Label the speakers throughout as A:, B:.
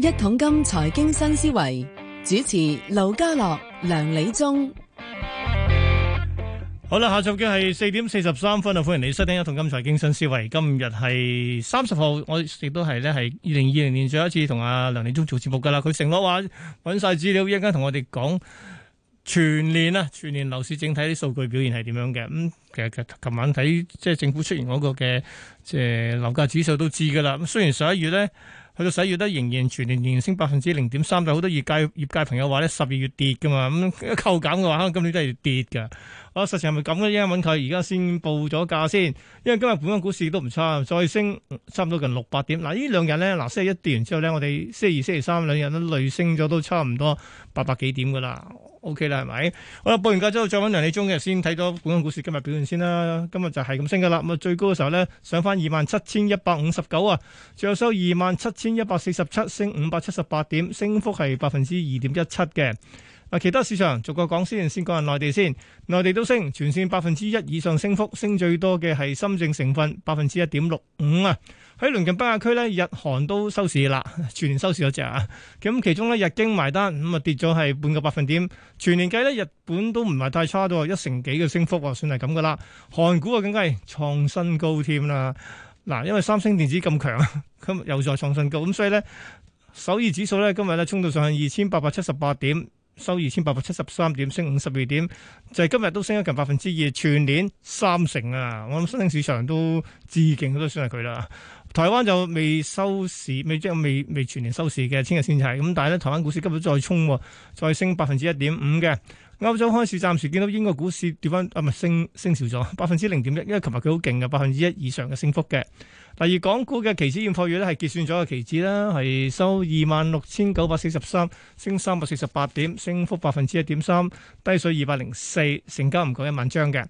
A: 一桶金財經新思維，主持劉家樂、梁理中，好啦，下晝嘅係四點四十三分啊！歡迎你收聽一桶金財經新思維。今日係三十號，我亦都係呢係二零二零年最後一次同阿梁理中做節目噶啦。佢承諾話揾晒資料，一陣間同我哋講全年啊，全年樓市整體啲數據表現係點樣嘅。咁、嗯、其實琴晚睇即係政府出現嗰個嘅即係樓價指數都知噶啦。咁雖然十一月呢。去到十一月都仍然全年年升百分之零點三，但好多業界業界朋友話咧十二月跌噶嘛，咁一扣減嘅話，可能今年都係跌噶。啊，實係咪咁咧？依家揾佢，而家先報咗價先。因為今日本港股市都唔差，再升差唔多近六百點。嗱，呢兩日咧，嗱，星期一跌完之後咧，我哋星期二、星期三兩日都累升咗，都差唔多八百幾點噶啦。OK 啦，係咪？好啦，報完價之後，再揾梁理中嘅先睇到本港股市今日表現先啦。今日就係咁升噶啦。咁啊，最高嘅時候咧，上翻二萬七千一百五十九啊，最後收二萬七千一百四十七，升五百七十八點，升幅係百分之二點一七嘅。嗱，其他市場逐個講先，先講下內地先。內地都升，全線百分之一以上升幅，升最多嘅係深證成分百分之一點六五啊！喺鄰近北亞區呢，日韓都收市啦，全年收市咗只啊。咁其中呢，日經埋單咁啊、嗯、跌咗係半個百分點。全年計呢，日本都唔係太差，到一成幾嘅升幅，算係咁噶啦。韓股啊，更加係創新高添啦。嗱，因為三星電子咁強，今日又再創新高，咁所以呢，首爾指數呢，今日呢衝到上去二千八百七十八點。收二千八百七十三點，升五十二點，就係、是、今日都升咗近百分之二，全年三成啊！我諗新興市場都致敬，都算係佢啦。台灣就未收市，未即係未未全年收市嘅，聽日先至係咁。但係咧，台灣股市今日再衝喎，再升百分之一點五嘅。歐洲開始暫時見到英國股市跌翻，啊升升少咗百分之零點一，因為琴日佢好勁嘅，百分之一以上嘅升幅嘅。第二港股嘅期指現貨月咧係結算咗嘅期指啦，係收二萬六千九百四十三，升三百四十八點，升幅百分之一點三，低水二百零四，成交唔夠一萬張嘅。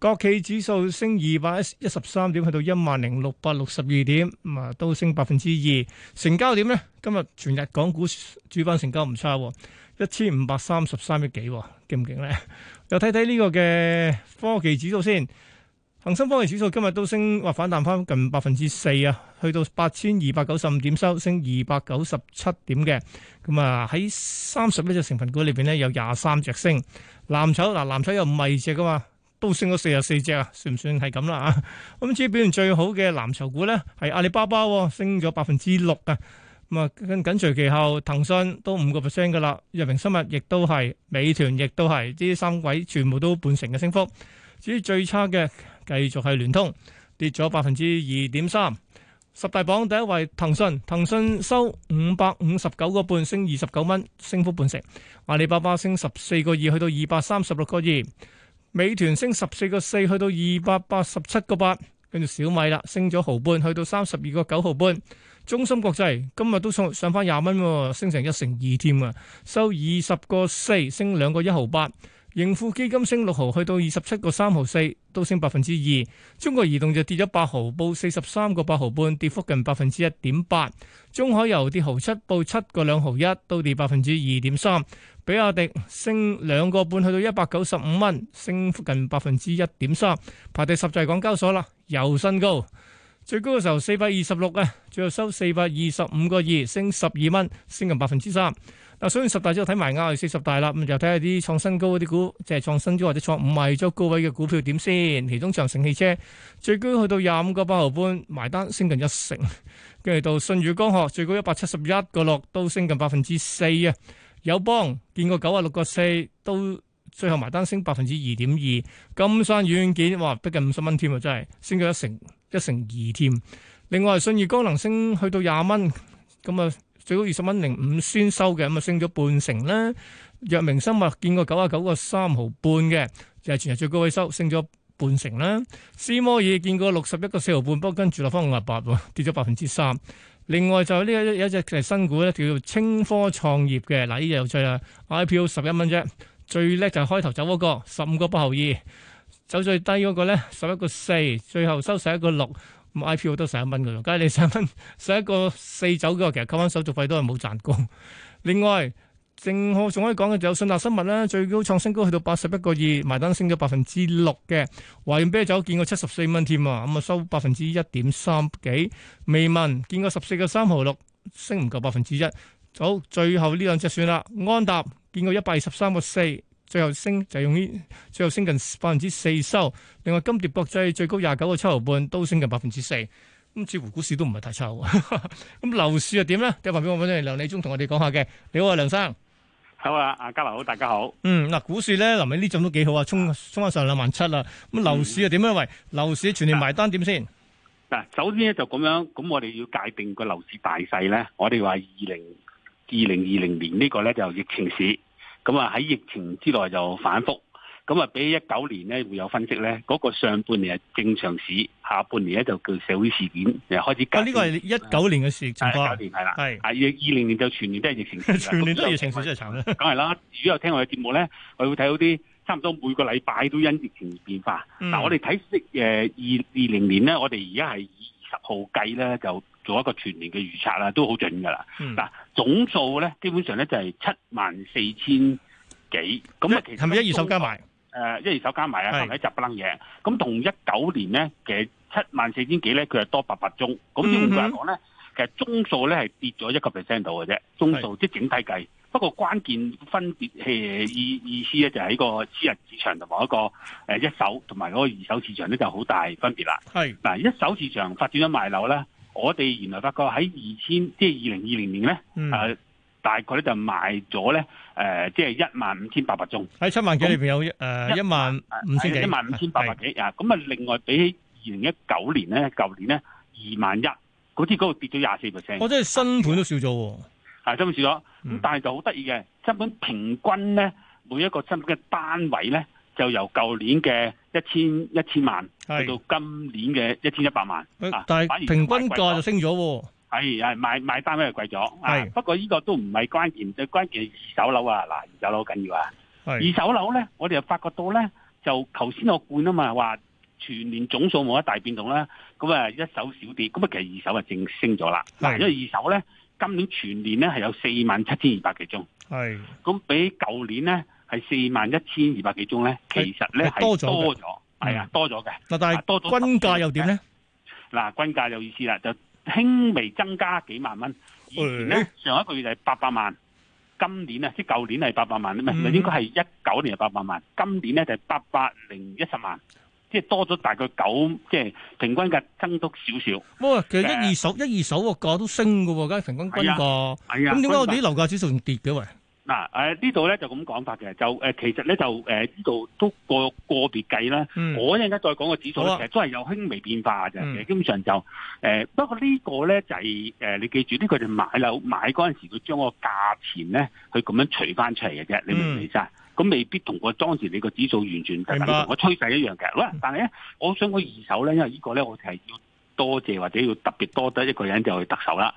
A: 國企指數升二百一十三點，去到一萬零六百六十二點，啊都升百分之二，成交點呢？今日全日港股主板成交唔差、哦。一千五百三十三億幾，勁唔勁咧？又睇睇呢個嘅科技指數先，恒生科技指數今日都升，話反彈翻近百分之四啊，去到八千二百九十五點收，升二百九十七點嘅。咁啊，喺三十隻成分股裏邊呢，有廿三隻升，藍籌嗱，藍籌又唔係只噶嘛，都升咗四十四隻啊，算唔算係咁啦啊？咁至於表現最好嘅藍籌股咧，係阿里巴巴，升咗百分之六啊。咁啊，跟緊隨其後，騰訊都五個 percent 嘅啦，藥明生物亦都係，美團亦都係，呢三位全部都半成嘅升幅。至於最差嘅，繼續係聯通，跌咗百分之二點三。十大榜第一位騰訊，騰訊收五百五十九個半，升二十九蚊，升幅半成。阿里巴巴升十四個二，去到二百三十六個二。美團升十四個四，去到二百八十七個八。跟住小米啦，升咗毫半，去到三十二個九毫半。中芯國際今日都上上翻廿蚊，升成一成二添啊，收二十個四，升兩個一毫八。盈富基金升六毫，去到二十七個三毫四，都升百分之二。中國移動就跌咗八毫，報四十三個八毫半，跌幅近百分之一點八。中海油跌毫七，報七個兩毫一，都跌百分之二點三。比亞迪升兩個半，去到一百九十五蚊，升幅近百分之一點三。排第十就係港交所啦，又新高，最高嘅時候四百二十六啊，最後收四百二十五個二，升十二蚊，升近百分之三。嗱，所以十大之後睇埋，又係四十大啦。咁就睇下啲創新高嗰啲股，即係創新高或者創五賣咗高位嘅股票點先。其中長城汽車最高去到廿五個八毫半，埋單升近一成。跟住到舜宇光學最高一百七十一個六，都升近百分之四啊。友邦見過九十六個四，都最後埋單升百分之二點二。金山軟件哇，逼近五十蚊添啊，真係升咗一成一成二添。另外信義光能升去到廿蚊咁啊。最高二十蚊零五仙收嘅，咁啊升咗半成啦。藥明生物見過九啊九個三毫半嘅，就係全日最高位收，升咗半成啦。斯摩爾見過六十一個四毫半，不過跟住落翻五啊八喎，跌咗百分之三。另外就呢一有隻新股咧，叫做清科創業嘅，嗱呢隻有趣啦，IPO 十一蚊啫。最叻就係開頭走嗰個十五個八毫二，走最低嗰個咧十一個四，最後收十一個六。咁 I.P. 好多十一蚊梗係你成一蚊十一個四走嘅話，其實扣翻手續費都係冇賺過。另外，正好仲可以講嘅就有信達生物啦，最高創新高去到八十一個二，埋單升咗百分之六嘅華潤啤酒見過七十四蚊添啊，咁啊收百分之一點三幾。微盟見過十四個三毫六，升唔夠百分之一。好，最後呢兩隻算啦，安踏見過一百二十三個四。最後升就係用呢，最後升近百分之四收。另外金蝶國際最高廿九個七毫半，都升近百分之四。咁似乎股市都唔係太差。咁 樓市又點咧？有唔得？俾我揾咗梁理中同我哋講下嘅。你好啊，梁生。
B: 好啊，阿嘉華好，大家好。嗯，
A: 嗱、啊，股市咧，臨尾呢陣都幾好 27, 啊，沖沖翻上兩萬七啦。咁樓市又點樣？喂，樓市全年埋單點先？嗱、啊啊，
B: 首先咧就咁樣，咁我哋要界定個樓市大勢咧。我哋話二零二零二零年個呢個咧就疫情市。咁啊喺疫情之內就反覆，咁啊比一九年咧會有分析咧，嗰、那個上半年係正常市，下半年咧就叫社會事件就開始。啊，呢個係
A: 一九年嘅事情。一九年係
B: 啦。係啊，二零是年就全年都係疫情。 全年都係疫情，真係慘咧。梗係啦，如果有聽我嘅節目咧，我會睇到啲差唔多每個禮拜都因疫情而變化。嗱、嗯，我哋睇誒二二零年咧，我哋而家係二十號計咧就做一個全年嘅預測啦，都好準㗎啦。嗱，總數咧，基本上咧就係七萬四千幾，咁啊，係咪一二手加埋？誒、呃，一二手加埋啊，同埋的一集不楞嘢。咁同一九年咧，其實七萬四千幾咧，佢係多八百宗。咁換句話講咧，嗯、哼其實宗數咧係跌咗一個 percent 度嘅啫。宗數即係整體計，不過關鍵分別意意思咧，就係喺個私人市場同埋一個誒、呃、一手同埋嗰個二手市場咧，就好大分別啦。係嗱的、啊，一手市場發展咗賣樓呢。我哋原來發覺喺二千，即係二零二零年咧，誒、呃、大概咧就賣咗咧，誒即係一萬五千八百宗喺七萬幾裏邊
A: 有誒一、嗯呃、萬五千幾一的萬五千
B: 八百幾啊！咁啊的，另外比起二零一九年咧，舊的年咧二萬一，嗰啲嗰個跌咗廿四個 percent。我真
A: 係新盤都少咗喎、
B: 啊，真係少咗。咁但係就好得意嘅，新盤平均咧每一個新盤嘅單位咧。就由舊年嘅一千一千萬去到今年嘅一千一百萬，但係反而平均價就升咗、啊，係係買買單位就貴咗是、啊、不過呢個都唔係關鍵，最關鍵係二手樓啊！嗱，二手樓好緊要啊！二手樓咧、啊是，我哋又發覺到咧，就頭先我冠啊嘛，話全年總數冇一大變動啦。咁啊，一手少啲，咁啊，其實二手啊正升咗啦。是因為二手咧，今年全年咧係有四萬七千二百幾宗，係咁是比舊年咧，係四萬一千二百幾宗咧，其實咧多咗，多咗，
A: 係、嗯、啊，多咗嘅。嗱，但係多咗，均價又點咧？
B: 嗱，均價有意思啦，就輕微增加幾萬蚊。以前咧，欸、上一個月就係八百萬，今年啊，即係舊年係八百萬，咪咪、嗯、應該係一九年係八百萬，今年咧就係八百零一十萬，即係多咗大概九，即係平均價增幅少少。
A: 哇、欸，其實一二手、嗯、一二手個價都升嘅，梗係平均均價，咁點解我哋啲樓價指數仲跌嘅喂？
B: 嗱，呃、呢度咧就咁講法嘅，就其實咧就誒呢度都個個別計啦。我一陣間再講個指數咧，其實、呃、都係有輕微變化嘅、嗯、基本上就誒、呃，不過個呢個咧就係、是、誒、呃，你記住呢、這個就買樓買嗰陣時個價錢呢，佢將個價錢咧去咁樣除翻出嚟嘅啫。嗯、你明唔明曬？咁未必同個當時你個指數完全係咪同我趨勢一樣嘅。喂，但係咧，我想講二手咧，因為個呢個咧我哋係要多謝或者要特別多得一個人就去特首啦。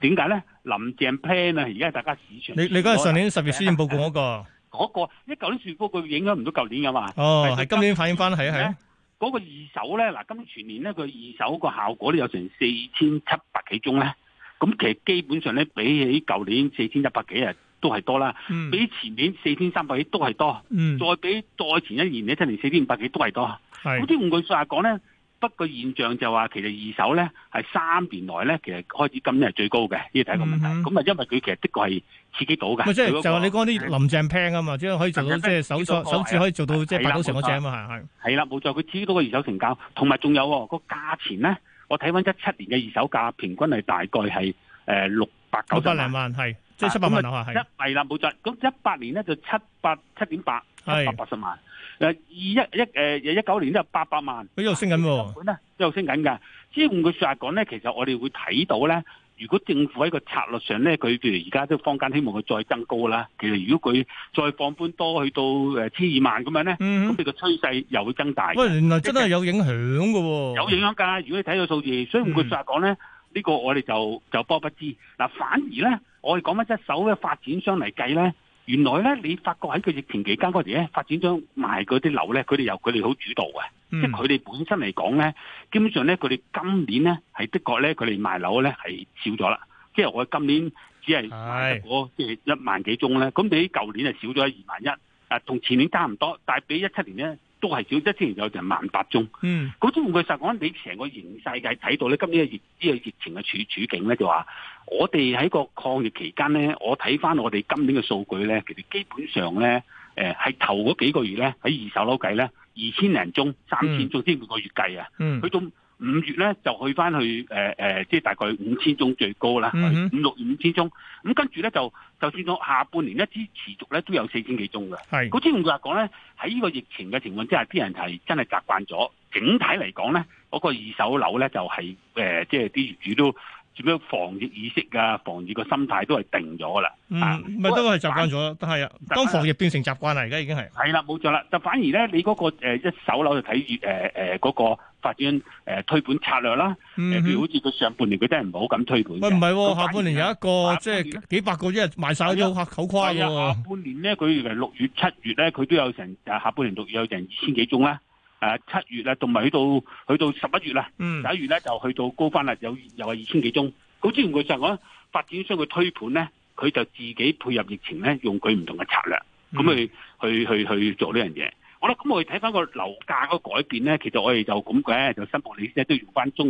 B: 點解咧？林鄭 plan 啊，而家係大家市場你。你你係上年十月書面報告嗰、那個？嗰、啊啊啊那個一舊年數佢影響唔到舊年噶嘛？哦，係以今年反映翻，係啊係。嗰個二手咧，嗱、那個，今年全年咧，佢二手個效果咧有成四千七百幾宗咧。咁其實基本上咧，比起舊年四千一百幾啊，都係多啦。嗯。比前年四千三百幾都係多。嗯。再比再前一年，年 4, 是呢，七年四千五百幾都係多。係。嗰啲換句說話講咧。不過現象就話，其實二手咧係三年內咧，其實開始今年係最高嘅，呢個第一個問題。咁啊，因為佢其實的確係刺激到嘅。即係就話你講啲
A: 林鄭平啊嘛，即係可以做到即係首首置可以做到即係八九成個正啊嘛，係係。
B: 係啦，冇錯，佢刺激到個二手成交，同埋仲有個價錢咧。我睇翻一七年嘅二手價平均係大概係誒六。八九百零萬，即係七百萬樓一係啦冇錯。咁一八年咧就七百七點八，七百八十萬。誒二一一誒，一九年咧就八百萬。
A: 佢又升緊喎，
B: 又升緊㗎。所以換句説話講咧，其實我哋會睇到咧，如果政府喺個策略上咧，佢譬如而家都坊間希望佢再增高啦。其實如果佢再放寬多去到誒千二萬咁樣咧，咁你個趨勢又會增大。喂，原來真係
A: 有影響㗎。有影
B: 響㗎，如果你睇到數字。所以換句説話講咧。呢個我哋就就波不，不知嗱，反而咧我哋講翻一手嘅發展商嚟計咧，原來咧你發覺喺佢疫情期間嗰時咧，發展商賣嗰啲樓咧，佢哋由佢哋好主導嘅，嗯、即係佢哋本身嚟講咧，基本上咧佢哋今年咧係的確咧佢哋賣樓咧係少咗啦，即係我哋今年只係賣是 即係一萬幾宗咧，咁比舊年係少咗二萬一，啊同前年差唔多，但係比一七年咧。都係少得，之前有成萬八宗。嗯，咁都唔夠實講。你成個形勢睇到咧，今年熱呢個疫情嘅處處境咧，就話我哋喺個抗疫期間咧，我睇翻我哋今年嘅數據咧，其實基本上咧，誒、呃、係頭嗰幾個月咧，喺二手樓計咧，二千零宗、三千宗即係每個月計啊。嗯，佢都。五月咧就去返去誒誒，即係大概五千宗最高啦，五六五千宗。咁、嗯、跟住咧就，就算到下半年一啲持續咧都有四千幾宗㗎。係、mm，咁即係話講咧，喺呢個疫情嘅情況之下，啲人係真係習慣咗。整體嚟講咧，嗰、嗰個二手樓咧就係、是呃、即係啲業主都。主要防疫意識啊，防疫個心態都係定咗噶啦，
A: 唔咪、嗯啊、都係習慣咗，而都係啊。當防疫變成習慣啦，而家已經係。係啦，冇錯啦。就反而咧、那個，你
B: 嗰個一手樓就睇住誒誒嗰個發展誒推盤策略啦、啊。譬、嗯哼呃、如好似佢上半年佢真係唔好咁推盤。喂、嗯哼，唔係喎，下半
A: 年有一個即係幾百個即係賣晒都好誇。係啊，下
B: 半年咧佢以為六月七月咧，佢都有成誒下半年六月有成千幾宗啦。誒、啊、七月啦，同埋去到去到十一月啦，十、嗯、一月咧就去到高翻啦，有又係二千幾宗。好，自然佢就講發展商嘅推盤咧，佢就自己配合疫情咧，用佢唔同嘅策略，咁去、嗯、去去去做呢樣嘢。好啦，咁我哋睇翻個樓價嗰改變咧，其實我哋就咁嘅，就新盤你先都用翻中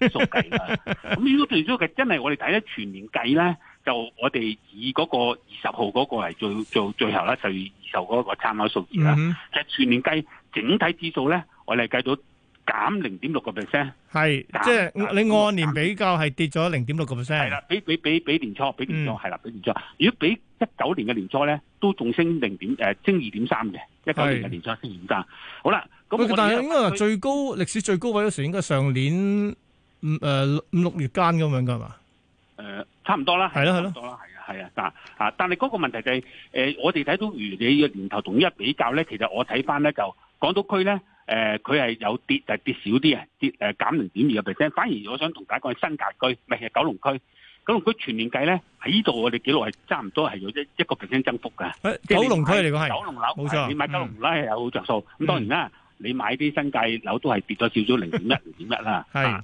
B: 原數計啦。咁如果中原數計真係我哋睇咧全年計咧，就我哋以嗰個二十號嗰個嚟做做最後咧，就二手嗰個參考數
A: 字啦。其
B: 實、嗯嗯、全年計。整體指數咧，我哋係計到減零點六個 percent，
A: 係即係你按年比較係跌咗零點六個 percent。係啦，比比比比年初，比年初係啦，比年初。如果
B: 比一九年嘅年初咧，都仲升零點誒，升二點三嘅。一九年嘅年初升二點三。好啦，咁但係應該話最
A: 高歷史最高位嗰時應該上年五誒五六月間咁樣㗎係嘛？
B: 誒，差唔多啦。係咯係咯，差唔多啦係啊係啊嗱啊，但係嗰個問題就係誒，我哋睇到如你嘅年頭同依一比較咧，其實我睇返咧就。港島區咧，誒，佢係有跌，就跌少啲啊，跌誒減零點二個 percent，反而我想同大家講，新界區唔係，係九龍區，九龍區全年計咧喺呢度我哋記錄係差唔多係有一一個 percent 增幅噶。誒，即係九龍區嚟講係，九龍樓冇錯，你買九龍樓係有好着數，咁當然啦，你買啲新界樓都係跌咗少少零點一零點一啦。係。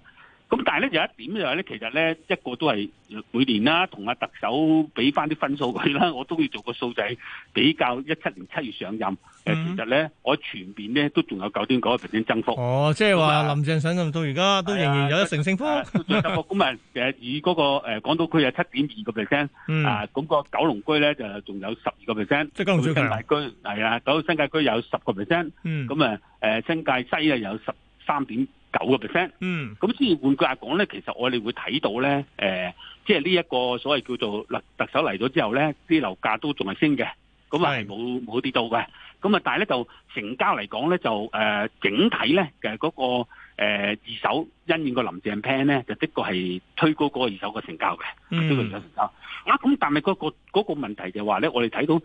B: 咁但係咧有一點就係、是、咧，其實咧一個都係每年啦，同阿特首俾翻啲分數佢啦，我都要做個數仔，比較一七年七月上任，誒，其實咧我全面咧都仲有九點九個 percent 增幅。
A: 哦，即係話林鄭上任到而家都仍然有成升幅，
B: 咁啊，誒，以嗰個港島區有七點二個 percent，啊，咁個九龍區呢區咧就仲有十二個 percent，即係九龍區。新大居係啊，九新界區有十個 percent，咁啊誒，新界西啊有十三點。九個 percent，咁先換句話講咧，其實我哋會睇到咧，誒、呃，即係呢一個所謂叫做特首嚟咗之後咧，啲樓價都仲係升嘅，咁啊冇冇跌到嘅，咁啊但係咧就成交嚟講咧就誒、呃、整體咧誒嗰個誒、呃、二手因應個林鄭 plan 咧，就的確係推高嗰個二手嘅成交嘅、嗯，啊咁但係嗰、那個嗰、那個問題就話咧，我哋睇到。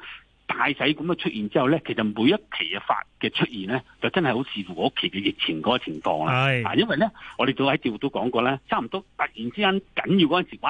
B: 大使咁樣出現之後咧，其實每一期嘅法嘅出現咧，就真係好視乎我期嘅疫情嗰個情況啦。啊，嗯、因為咧，我哋早喺節目都講過咧，差唔多突然之間緊要嗰陣時候，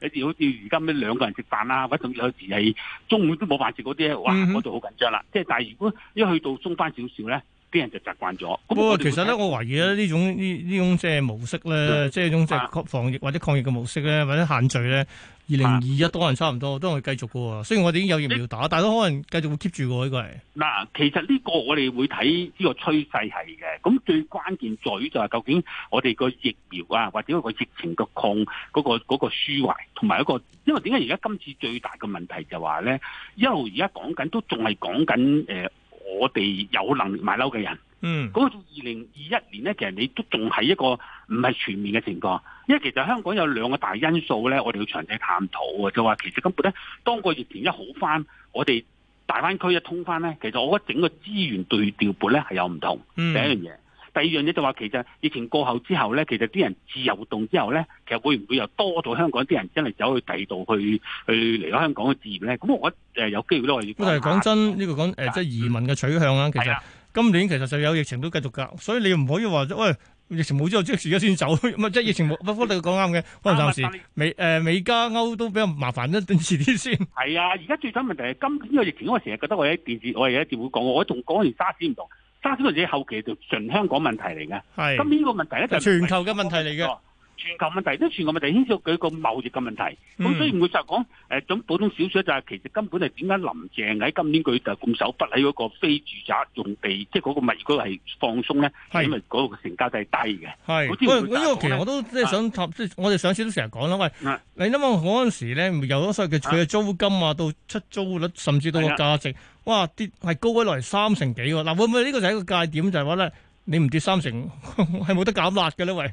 B: 有時候好似如今咩兩個人食飯啊，或者仲有時係中午都冇飯食嗰啲咧，哇！嗰度好緊張啦。即係、嗯、哼 但如果一去到鬆返少少咧。啲人就習慣咗。不過其實咧，
A: 我懷疑咧呢種呢呢種即係模式咧，即係呢種即係防疫、啊、或者抗疫嘅模式咧，或者限聚咧。二零二一都可能差唔多，啊、都係繼續嘅喎。雖然我哋已經有疫苗打，你但都可能繼續會 keep 住喎。呢、呢個係
B: 嗱，其實呢個我哋會睇呢個趨勢係嘅。咁最關鍵在於就係究竟我哋個疫苗啊，或者嗰個疫情嘅抗嗰、嗰個舒緩，同、那、埋、個、一個因為點解而家今次最大嘅問題就話咧，一路而家講緊都仲係講緊誒。呃我哋有能力買樓嘅人，嗯，咁到二零二一年呢，其實你都仲係一個唔係全面嘅情況，因為其實香港有兩個大因素呢，我哋要詳細探討嘅，就話其實根本呢，當個疫情一好翻，我哋大灣區一通翻呢，其實我覺得整個資源對調撥呢係有唔同，嗯、第一樣嘢。第二樣嘢就話，其實疫情過後之後咧，其實啲人自由活動之後咧，其實會唔會又多咗香港啲人真係走去第二度去去離開香港嘅自業咧？咁我覺得、呃、有機會都可以。咁係講真
A: 呢個講誒、呃、即係移民嘅取向啦、啊。其實、嗯啊、今年其實就有疫情都繼續㗎，所以你唔可以話喂疫情冇咗之後即家先走，即係疫情冇。不過你講啱嘅，可能暫時美誒、呃、美加歐都比較麻煩啦，等遲啲先。係啊，而家最緊要問題係今呢個疫情，我成日覺得我喺電視，我係一直會講，我同講完沙士唔同。
B: 沙士套嘢後期就純香港問題嚟嘅，咁呢個問題咧就係全球嘅問題嚟嘅。全球問題都全球問題，牽涉到佢個貿易嘅問題。咁、嗯、所以唔會就係講誒，補充少少就係其實根本係點解林鄭喺今年佢就拱手不喺嗰個非住宅用地，即係嗰個物業嗰個係放鬆咧，係是因為嗰個成交都係低嘅。係是，因為其實我都
A: 即係想即係、啊、我哋上次都成日講啦，喂，啊、你諗下嗰陣時咧，由嗰所以佢佢嘅租金啊，到出租率，甚至到個價值，啊、哇，跌係高位落嚟三成幾喎。嗱、啊、會唔會呢個就係一個界點，就係話咧，你唔跌三成係冇得減辣嘅咧，喂。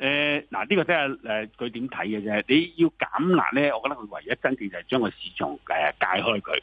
A: 誒，
B: 嗱呢、呃這個真係誒，佢點睇嘅啫？你要減壓咧，我覺得佢唯一真正就係將個市場誒解開佢。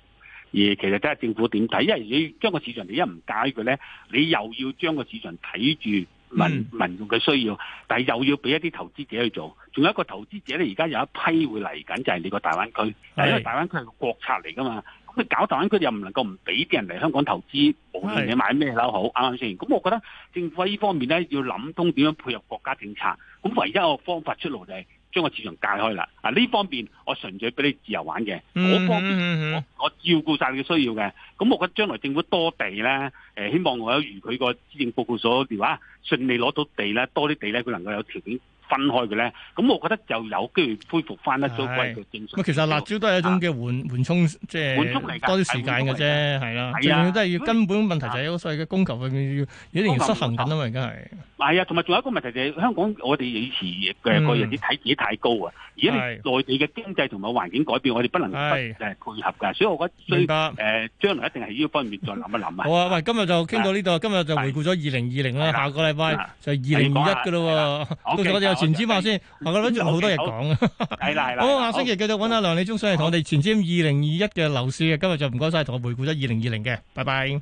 B: 而其實真係政府點睇？因為你將個市場你一唔解佢咧，你又要將個市場睇住民、嗯、民眾嘅需要，但係又要俾一啲投資者去做。仲有一個投資者咧，而家有一批會嚟緊，就係、是、你個大灣區，是因為大灣區係個國策嚟㗎嘛。咁你搞大灣區又唔能夠唔俾啲人嚟香港投資？你是買咩樓好啱啱先，咁我覺得政府喺呢方面咧要諗通點樣配合國家政策，咁唯一個方法出路就係將個市場界開啦。啊呢方面我純粹俾你自由玩嘅，
A: 嗰方面
B: 我，我照顧晒你需要嘅。咁我覺得將來政府多地咧，誒、呃、希望我有如佢個施政報告所話，順利攞到地咧，多啲地咧，佢能夠有條件。分開嘅咧，咁我覺得就有機會恢復翻一啲歸隊精神。咁其實辣
A: 椒都係一種嘅緩緩衝，即係緩衝嚟多啲時間嘅啫，係啦。根本問題就係一個所謂嘅供求方面要一定失衡緊啊嘛，而家
B: 係。係啊，同埋仲有一個問題就係香港，我哋以前嘅個人啲睇自己太高啊。而家內地嘅經濟同埋環境改變，我哋不能不配合㗎，所以我覺得最誒將來一定係呢方面再諗一
A: 諗。好啊，喂，今日就傾到呢度，今日就回顧咗二零二零啦，下個禮拜就二零二一㗎啦喎。前瞻話先，哎、我覺得仲好多嘢講。好，下星期繼續揾阿梁理中上嚟同我哋前瞻二零二一嘅樓市嘅，的今日就唔該晒，同我回顧咗二零二零嘅，拜拜。